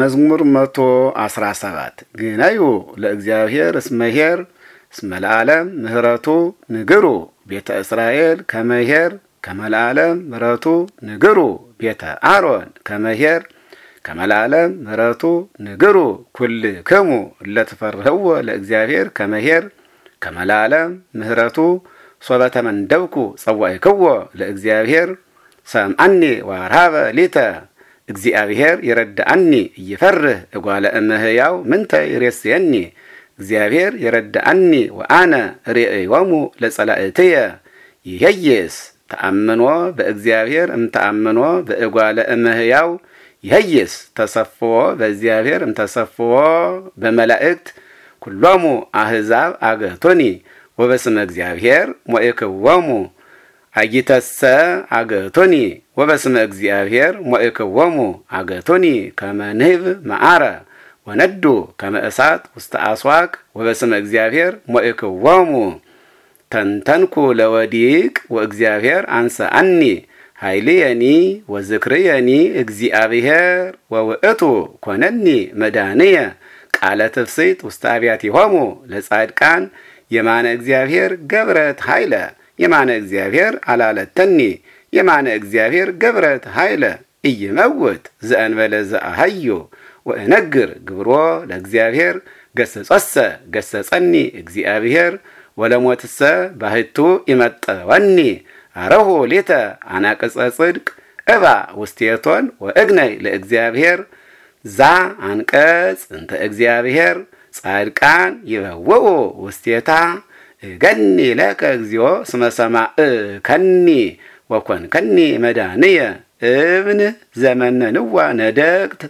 መዝሙር መቶ አስራ ሰባት ግናዩ ለእግዚአብሔር እስመሄር እስመላአለም ምህረቱ ንግሩ ቤተ እስራኤል ከመሄር ከመላአለም ምህረቱ ንግሩ ቤተ አሮን ከመሄር ከመላአለም ምህረቱ ንግሩ ክሙ እለትፈርህዎ ለእግዚአብሔር ከመሄር ከመላአለም ምህረቱ ሶበተመንደብኩ ተመንደብኩ ለእግዚአብሔር ሰምዐኒ ዋርሃበ ሊተ እግዚአብሔር ይረዳአኒ እይፈርህ እጓለ እመሕያው ምንተ ሬስየኒ እግዚአብሔር ይረዳአኒ ወአነ ርእዮሙ ለጸላእትየ ይሄይስ ተአምኖ በእግዚአብሔር እምተአምኖ በእጓለ እመሕያው ይሄይስ ተሰፍዎ በእግዚአብሔር እምተሰፍዎ በመላእክት ኩሎሙ አሕዛብ አገቶኒ ወበስመ እግዚአብሔር ሞእክዎሙ አጊተሰ አገቶኒ ወበስመ እግዚአብሔር ሞእክዎሙ አገቶኒ ከመ ንህብ መዓረ ወነዱ ከመ እሳት ውስተ አስዋቅ ወበስመ እግዚአብሔር ሞእክዎሙ ተንተንኩ ለወዲቅ ወእግዚአብሔር አንሰአኒ ኃይልየኒ ወዝክርየኒ እግዚአብሔር ወውእቱ ኮነኒ መዳንየ ቃለ ትፍስጥ ውስተ አብያቲሆሙ ለጻድቃን የማነ እግዚአብሔር ገብረት ኃይለ የማነ እግዚአብሔር አላለተኒ የማነ እግዚአብሔር ገብረት ኃይለ እይመውት ዘእንበለ ዘአሃዮ ወእነግር ግብሮ ለእግዚአብሔር ገሰጸሰ ገሰጸኒ እግዚአብሔር ወለሞትሰ ባህቱ ይመጠወኒ አረሆ ሌተ አናቅጸ ጽድቅ እባ ውስቴቶን ወእግነይ ለእግዚአብሔር ዛ አንቀጽ እንተ እግዚአብሔር ጻድቃን ይበውኡ ውስቴታ እገኒ ለከ እግዚኦ ስመሰማ እከኒ ከኒ መዳንየ እብን ዘመነ ንዋ ነደቅት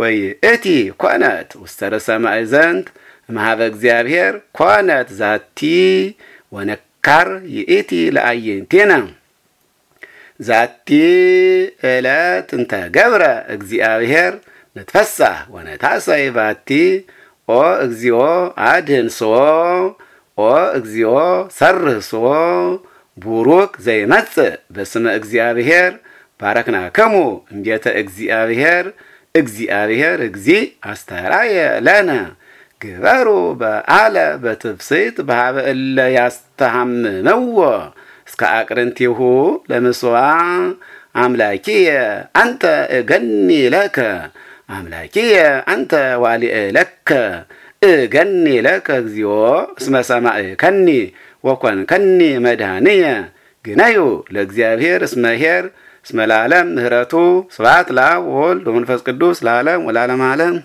ወይ እቲ ኮነት ውስተ ርእሰ ማእዘንት እምሃበ እግዚአብሔር ኮነት ዛቲ ወነካር ይእቲ ለአየንቴና ዛቲ ዕለት እንተ ገብረ እግዚአብሔር ንትፈሳ ወነታሰይ ባቲ ኦ እግዚኦ አድህን ኦ እግዚኦ ሰርህስዎ ቡሩክ ዘይመጽእ በስመ እግዚአብሔር ከሙ እንዴተ እግዚአብሔር እግዚአብሔር እግዚ አስተራየ ለነ ግበሩ በአለ በትብስት በሀበ እለ ያስተሃምነዎ እስከ አቅርንቲሁ ለምስዋ አምላኪየ አንተ እገኒ ለከ አምላኪየ አንተ ዋሊእ ለከ እገኒ ለከ እግዚኦ እስመ ከኒ ከኒ መድኃንየ ግናዩ ለእግዚአብሔር እስመ ኄር እስመ ለዓለም ምህረቱ ስብሐት ለአብ ወወልድ ወመንፈስ ቅዱስ ለዓለም ወላለም ዓለም